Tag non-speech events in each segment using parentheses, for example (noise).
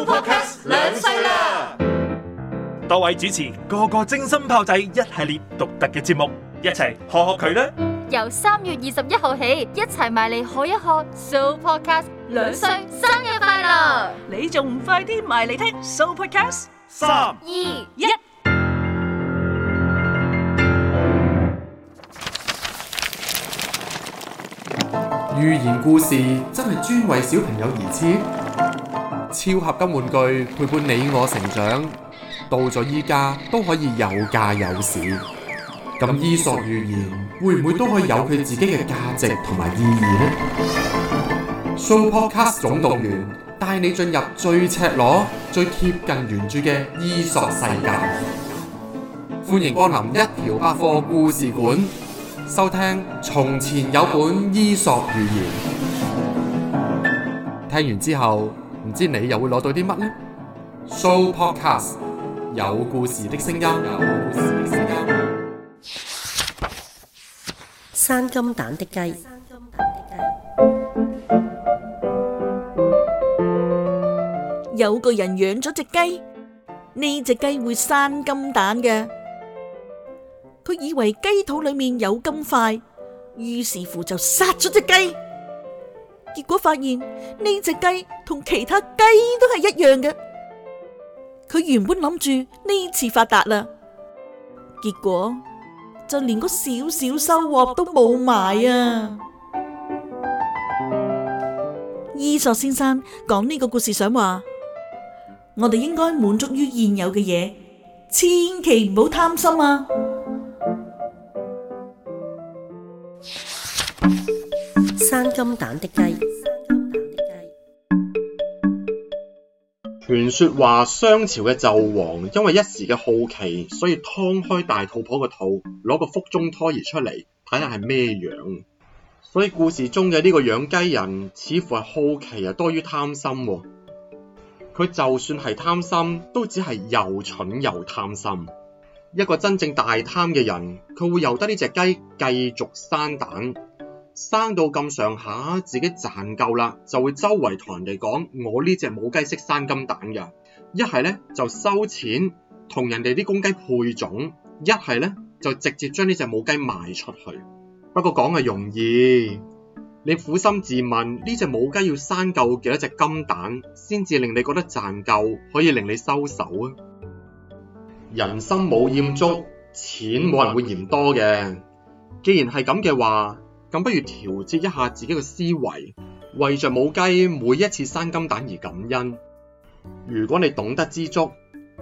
Sooopodcast 兩歲啦！多位主持個個精心炮製一系列獨特嘅節目，一齊學學佢啦！由三月二十一號起，一齊埋嚟學一學。Sooopodcast 兩歲生日快樂！你仲唔快啲埋嚟聽？Sooopodcast 三二一！寓言故事真係專為小朋友而設。超合金玩具陪伴你我成長，到咗依家都可以有價有市。咁伊索寓言會唔會都可以有佢自己嘅價值同埋意義呢？Sooopodstars 總動員帶你進入最赤裸、最貼近原著嘅伊索世界。歡迎光臨一條百貨故事館，收聽從前有本伊索寓言。聽完之後。唔知你又會攞到啲乜呢？Sooopodcast，有故事的聲音，有故事的聲音。生金蛋的雞，有個人養咗隻雞，呢隻雞會生金蛋嘅。佢以為雞肚裏面有金塊，於是乎就殺咗隻雞。結果發現呢隻雞同其他雞都係一樣嘅，佢原本諗住呢次發達啦，結果就連個少少收穫都冇埋啊！ (noise) 伊索先生講呢個故事想話， (noise) 我哋應該滿足於現有嘅嘢，千祈唔好貪心啊！金蛋的雞，傳說話商朝嘅紂王因為一時嘅好奇，所以劏開大肚婆嘅肚，攞個腹中胎兒出嚟睇下係咩樣。所以故事中嘅呢個養雞人似乎係好奇多於貪啊多於貪心。佢就算係貪心，都只係又蠢又貪心。一個真正大貪嘅人，佢會由得呢隻雞繼續生蛋。生到咁上下，自己賺夠啦，就會周圍同人哋講：我呢隻母雞識生金蛋㗎。一係咧就收錢同人哋啲公雞配種，一係咧就直接將呢隻母雞賣出去。不過講係容易，你苦心自問，呢隻母雞要生夠幾多隻金蛋先至令你覺得賺夠，可以令你收手啊？人心冇厭足，錢冇人會嫌多嘅。既然係咁嘅話，咁不如調節一下自己嘅思維，為着母雞每一次生金蛋而感恩。如果你懂得知足，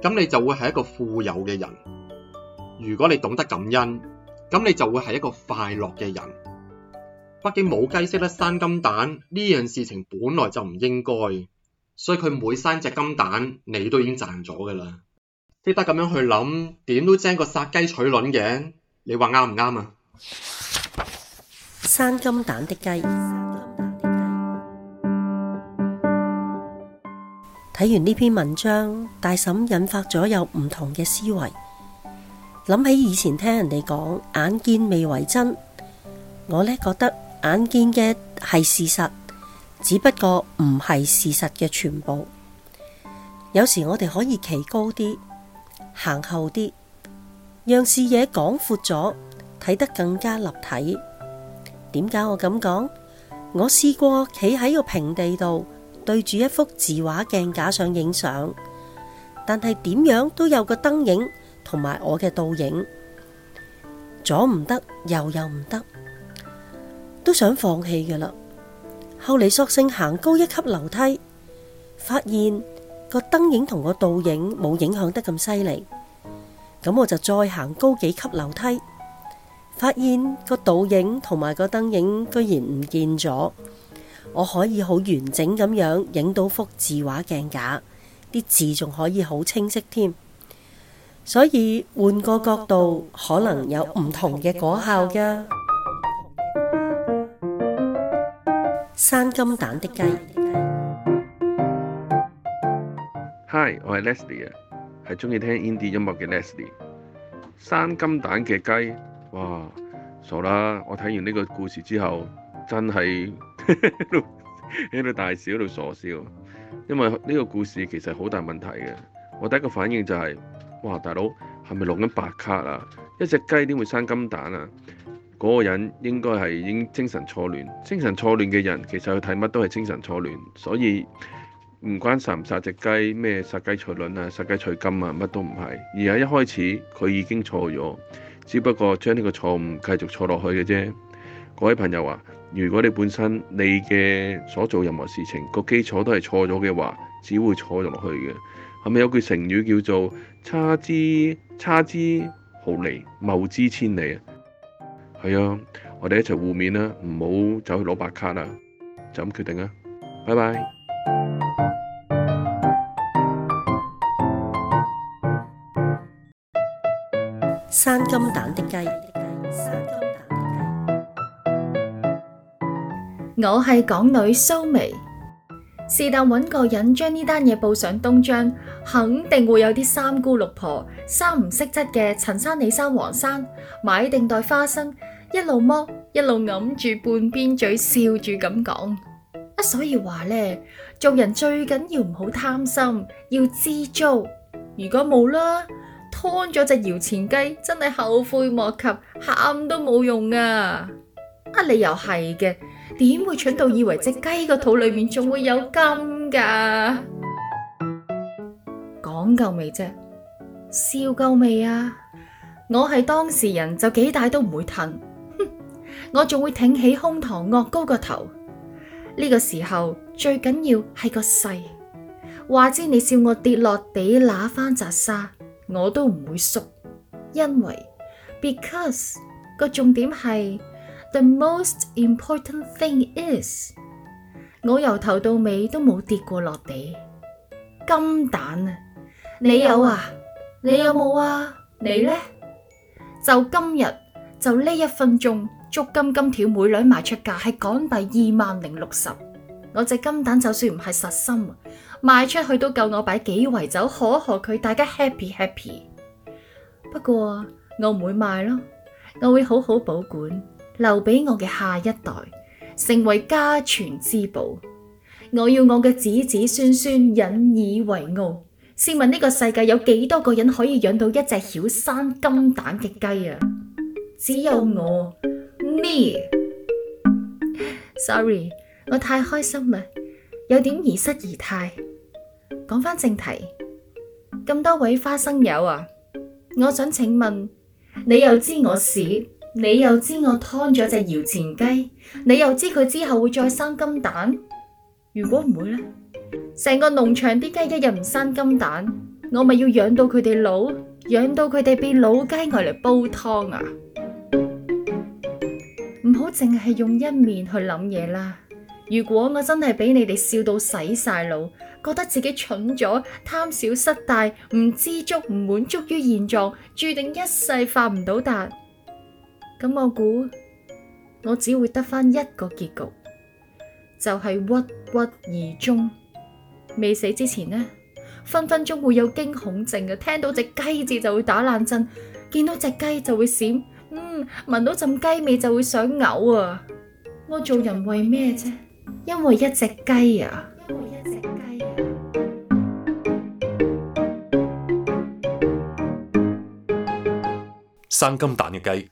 咁你就會係一個富有嘅人；如果你懂得感恩，咁你就會係一個快樂嘅人。畢竟母雞識得生金蛋呢樣事情本來就唔應該，所以佢每生隻金蛋，你都已經賺咗㗎啦。識得咁樣去諗，點都精過殺雞取卵嘅。你話啱唔啱啊？生金蛋的雞，睇完呢篇文章，大嬸引發咗有唔同嘅思維，諗起以前聽人哋講眼見未為真，我呢覺得眼見嘅係事實，只不過唔係事實嘅全部。有時我哋可以企高啲，行後啲，讓視野廣闊咗，睇得更加立體。點解我咁講？我試過企喺個平地度，對住一幅字畫鏡架上影相，但係點樣都有個燈影同埋我嘅倒影，左唔得，右又唔得，都想放棄㗎喇。後嚟索性行高一級樓梯，發現個燈影同個倒影冇影響得咁犀利，咁我就再行高幾級樓梯。發現個倒影同埋個燈影居然唔見咗，我可以好完整咁樣影到幅字畫鏡架，啲字仲可以好清晰添。所以換個角度，可能有唔同嘅果效㗎。生金蛋的雞，Hi，我係 Leslie 啊，係中意聽 Indie 音樂嘅 Leslie。生金蛋嘅雞。哇，傻啦！我睇完呢個故事之後，真係喺度大笑，喺度傻笑。因為呢個故事其實好大問題嘅。我第一個反應就係：，哇，大佬係咪錄緊白卡啊？一隻雞點會生金蛋啊？嗰個人應該係已經精神錯亂。精神錯亂嘅人其實去睇乜都係精神錯亂。所以唔關殺唔殺隻雞，咩殺雞取卵啊，殺雞取金啊，乜都唔係。而係一開始佢已經錯咗。只不過將呢個錯誤繼續錯落去嘅啫，各位朋友啊，如果你本身你嘅所做任何事情，個基礎都係錯咗嘅話，只會錯落去嘅。係咪有句成語叫做差之差之毫厘，貿之千里啊？係啊，我哋一齊互勉啦，唔好走去攞白卡啦，就咁決定啦，拜拜。生金蛋的雞，生金蛋的雞，我係港女蘇眉，是但搵個人將呢單嘢報上東張，肯定會有啲三姑六婆，三唔識七嘅陳生、李生、黃生，買定袋花生，一路摸一路揞住半邊嘴，笑住咁講，啊，所以話咧，做人最緊要唔好貪心，要知足，如果冇啦。看咗隻搖錢雞，真係後悔莫及，喊都冇用啊！啊，你又係嘅，點會蠢到以為隻雞個肚裏面仲會有金噶？講夠未啫？笑夠未啊？我係當事人，就幾大都唔會褪。哼， (laughs) 我仲會挺起胸膛，岳高個頭。呢、這個時候最緊要係個勢，話知你笑我跌落地，拿翻扎沙。我都唔會縮，因為 because 個重點係 the most important thing is 我由頭到尾都冇跌過落地金蛋啊！你有啊？你有冇啊？你咧、啊、呢就今日就呢一分鐘，足金金條每兩賣出價係港幣二萬零六十。我隻金蛋就算唔係實心，賣出去都夠我擺幾圍酒，可賀佢，大家 happy happy。不過我唔會賣咯，我會好好保管，留俾我嘅下一代，成為家傳之寶。我要我嘅子子孫孫引以為傲。試問呢個世界有幾多個人可以養到一隻曉生金蛋嘅雞啊？只有我，me。Sorry。我太開心啦，有點兒失儀態。講返正題，咁多位花生友啊，我想請問，你又知我屎，你又知我劏咗隻搖錢雞，你又知佢之後會再生金蛋？如果唔會呢，成個農場啲雞一日唔生金蛋，我咪要養到佢哋老，養到佢哋變老雞，外嚟煲湯啊！唔好淨係用一面去諗嘢啦。如果我真係俾你哋笑到洗晒腦，覺得自己蠢咗，貪小失大、唔知足、唔滿足於現狀，注定一世發唔到達，咁我估我只會得翻一個結局，就係鬱郁而終。未死之前呢，分分鐘會有驚恐症嘅，聽到隻雞字就會打冷震，見到隻雞就會閃，嗯，聞到陣雞味就會想嘔啊！我做人為咩啫？因為一隻雞啊，生金蛋嘅雞。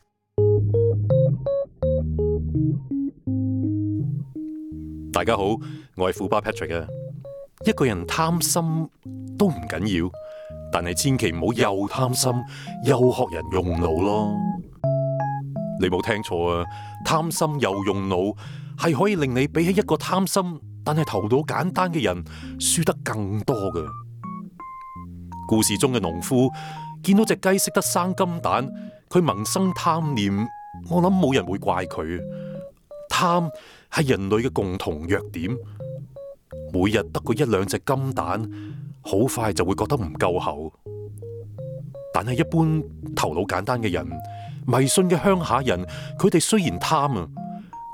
大家好，我係富巴 Patrick 啊。一個人貪心都唔緊要，但係千祈唔好又貪心又學人用腦咯。你冇聽錯啊，貪心又用腦。係可以令你比起一個貪心但係頭腦簡單嘅人輸得更多嘅。故事中嘅農夫見到隻雞識得生金蛋，佢萌生貪念，我諗冇人會怪佢。貪係人類嘅共同弱點，每日得過一兩隻金蛋，好快就會覺得唔夠喉。但係一般頭腦簡單嘅人，迷信嘅鄉下人，佢哋雖然貪啊。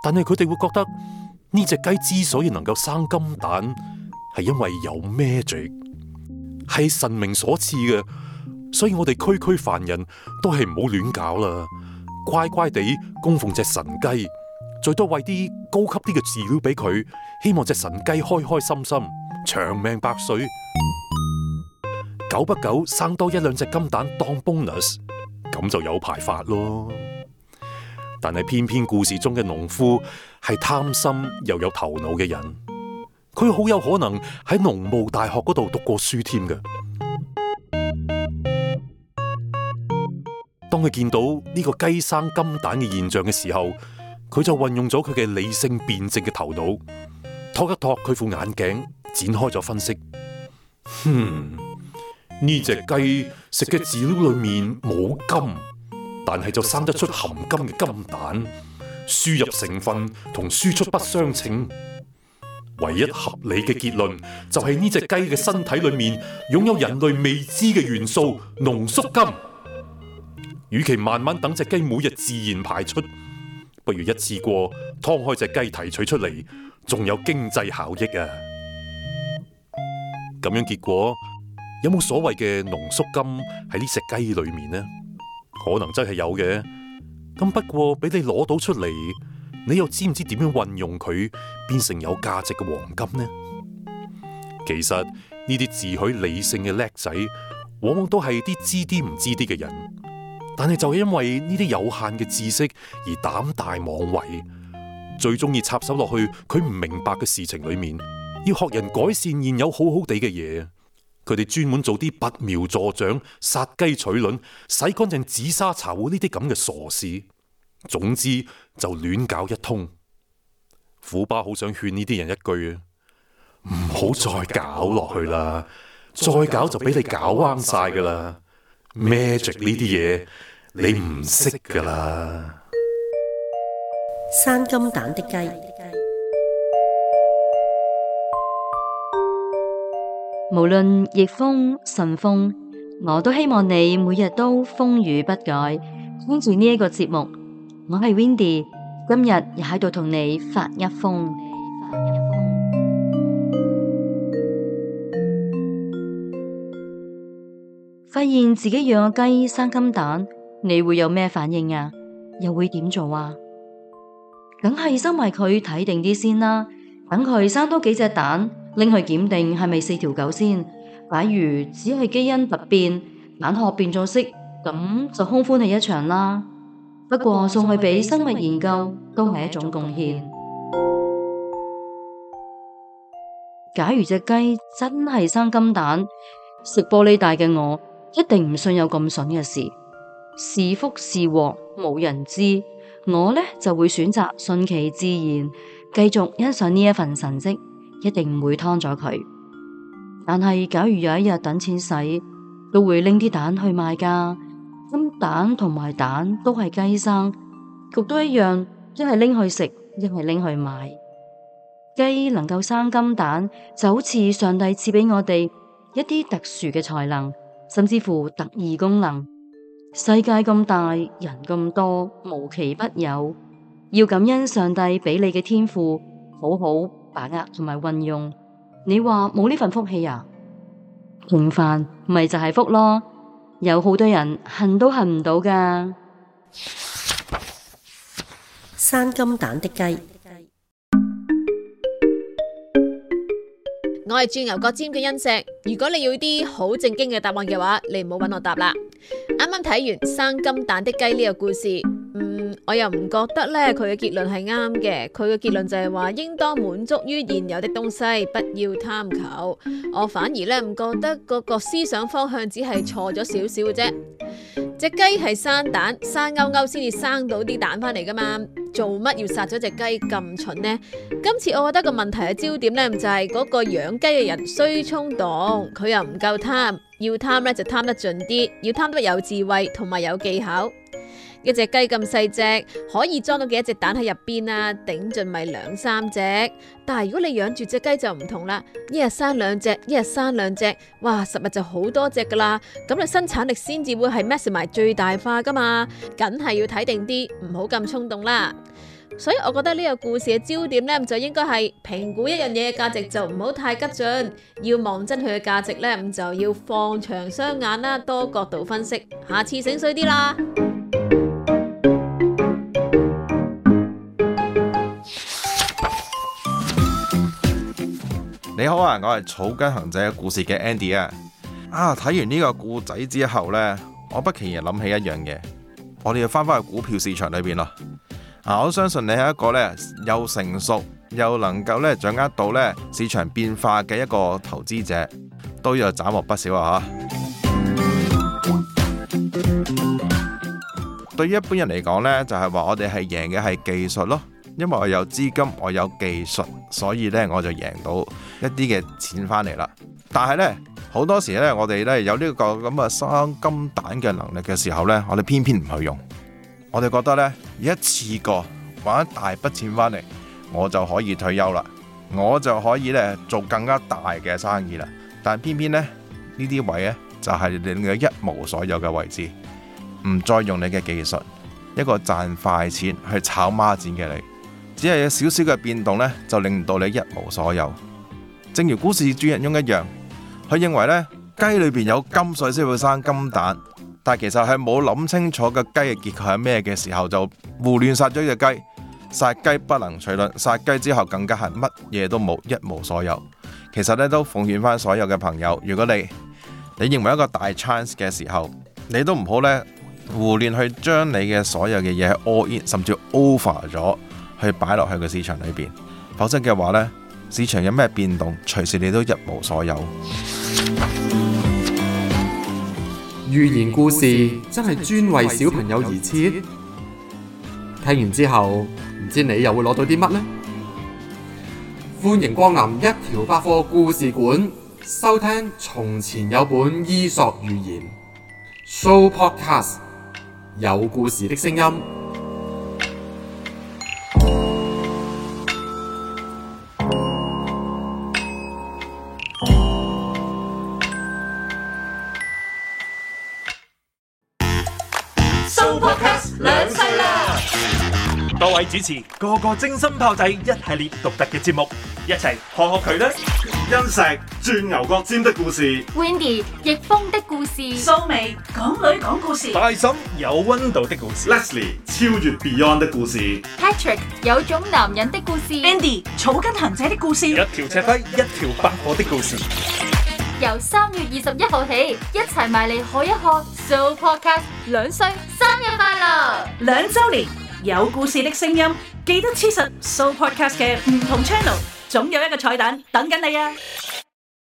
但係佢哋會覺得呢隻雞之所以能夠生金蛋，係因為有 magic，係神明所賜嘅，所以我哋區區凡人都係唔好亂搞啦，乖乖地供奉隻神雞，最多餵啲高級啲嘅飼料俾佢，希望隻神雞開開心心，長命百歲，久不久生多一兩隻金蛋當 bonus，咁就有排發咯。但係偏偏故事中嘅農夫係貪心又有頭腦嘅人，佢好有可能喺農務大學嗰度讀過書添嘅。當佢見到呢個雞生金蛋嘅現象嘅時候，佢就運用咗佢嘅理性辯證嘅頭腦，托一托佢副眼鏡，展開咗分析。哼、嗯，呢隻雞食嘅飼料裏面冇金。但係就生得出含金嘅金蛋，輸入成分同輸出不相稱，唯一合理嘅結論就係呢隻雞嘅身體裏面擁有人類未知嘅元素，濃縮金。與其慢慢等隻雞每日自然排出，不如一次過劏開隻雞提取出嚟，仲有經濟效益啊！咁樣結果，有冇所謂嘅濃縮金喺呢隻雞裏面呢？可能真係有嘅，咁不過俾你攞到出嚟，你又知唔知點樣運用佢變成有價值嘅黃金呢？其實呢啲自詡理性嘅叻仔，往往都係啲知啲唔知啲嘅人，但係就係因為呢啲有限嘅知識而膽大妄為，最中意插手落去佢唔明白嘅事情裏面，要學人改善現有好好地嘅嘢。佢哋專門做啲拔苗助長、殺雞取卵、洗乾淨紫砂茶壺呢啲咁嘅傻事，總之就亂搞一通。虎爸好想勸呢啲人一句啊，唔好再搞落去啦，再搞就俾你搞彎晒噶啦。Magic 呢啲嘢你唔識噶啦。生金蛋的雞。無論逆風順風，我都希望你每日都風雨不改。跟住呢一個節目，我係 Windy，今日又喺度同你發一瘋。發現自己養嘅雞生金蛋，你會有咩反應啊？又會點做啊？梗係收埋佢睇定啲先啦，等佢生多幾隻蛋。拎去檢定，係咪四條狗先？假如只係基因突變，蛋殼變咗色，咁就空歡喜一場啦。不過送去俾生物研究都係一種貢獻。假如隻雞真係生金蛋，食玻璃大嘅我一定唔信有咁筍嘅事。是福是禍，冇人知。我呢，就會選擇順其自然，繼續欣賞呢一份神跡。一定唔會劏咗佢，但係假如有一日等錢使，都會拎啲蛋去賣㗎。金蛋同埋蛋都係雞生，局都一樣，一係拎去食，一係拎去賣。雞能夠生金蛋，就好似上帝賜俾我哋一啲特殊嘅才能，甚至乎特異功能。世界咁大，人咁多，無奇不有，要感恩上帝俾你嘅天賦，好好。把握同埋運用，你話冇呢份福氣啊？平凡咪就係、是、福咯，有好多人恨都恨唔到噶。生金蛋的雞，我係鑽牛角尖嘅恩石。如果你要啲好正經嘅答案嘅話，你唔好揾我答啦。啱啱睇完生金蛋的雞呢個故事。嗯，我又唔覺得咧，佢嘅結論係啱嘅。佢嘅結論就係話，應當滿足於現有的東西，不要貪求。我反而咧唔覺得個個思想方向只係錯咗少少嘅啫。隻雞係生蛋，生勾勾先至生到啲蛋翻嚟噶嘛？做乜要殺咗隻雞咁蠢呢？今次我覺得個問題嘅焦點咧，就係嗰個養雞嘅人，雖衝動，佢又唔夠貪，要貪咧就貪得盡啲，要貪得有智慧同埋有技巧。一隻雞咁細隻，可以裝到幾多隻蛋喺入邊啊？頂盡咪兩三隻。但係如果你養住隻雞就唔同啦，一日生兩隻，一日生兩隻，哇，十日就好多隻噶啦。咁你生產力先至會係 max 埋最大化噶嘛，梗係要睇定啲，唔好咁衝動啦。所以我覺得呢個故事嘅焦點呢，就應該係評估一樣嘢嘅價值就唔好太急進，要望真佢嘅價值呢，咁就要放長雙眼啦，多角度分析。下次醒水啲啦。你好啊，我係草根行者故事嘅 Andy 啊，啊睇完呢個故仔之後呢，我不期然諗起一樣嘢，我哋要翻返去股票市場裏邊啦。嗱、啊，我相信你係一個咧又成熟又能夠咧掌握到咧市場變化嘅一個投資者，都有斬獲不少啊吓。對於一般人嚟講呢，就係話我哋係贏嘅係技術咯。因為我有資金，我有技術，所以呢，我就贏到一啲嘅錢返嚟啦。但係呢，好多時呢，我哋呢，有呢個咁嘅生金蛋嘅能力嘅時候呢，我哋偏偏唔去用。我哋覺得呢，一次過玩一大筆錢返嚟，我就可以退休啦，我就可以呢，做更加大嘅生意啦。但偏偏呢，呢啲位呢，就係令佢一無所有嘅位置，唔再用你嘅技術，一個賺快錢去炒孖展嘅你。只係有少少嘅變動咧，就令到你一無所有。正如股市主人翁一樣，佢認為咧，雞裏邊有金，所以先會生金蛋。但係其實係冇諗清楚個雞嘅結構係咩嘅時候，就胡亂殺咗隻雞。殺雞不能取卵，殺雞之後更加係乜嘢都冇，一無所有。其實咧，都奉勸翻所有嘅朋友，如果你你認為一個大 chance 嘅時候，你都唔好咧，胡亂去將你嘅所有嘅嘢 all in，甚至 over 咗。去擺落去個市場裏邊，否則嘅話呢，市場有咩變動，隨時你都一無所有。寓言故事真係專為小朋友而設，聽完之後唔知你又會攞到啲乜呢？歡迎光臨一條百貨故事館，收聽從前有本伊索寓言 Sooopodcast，有故事的聲音。主持個個精心炮製一系列獨特嘅節目，一齊學學佢啦！恩石鑽牛角尖的故事，Wendy 逆風的故事，蘇眉港女講故事，大嬸有溫度的故事，Leslie 超越 Beyond 的故事，Patrick 有種男人的故事，Andy 草根行者的故事，一條赤輝一條百貨的故事。由三月二十一號起，一齊埋嚟學一學 Sooopodcast 兩歲生日快樂兩周年。有故事的聲音，記得黐實 Sooopodcast 嘅唔同 channel，總有一個彩蛋等緊你啊！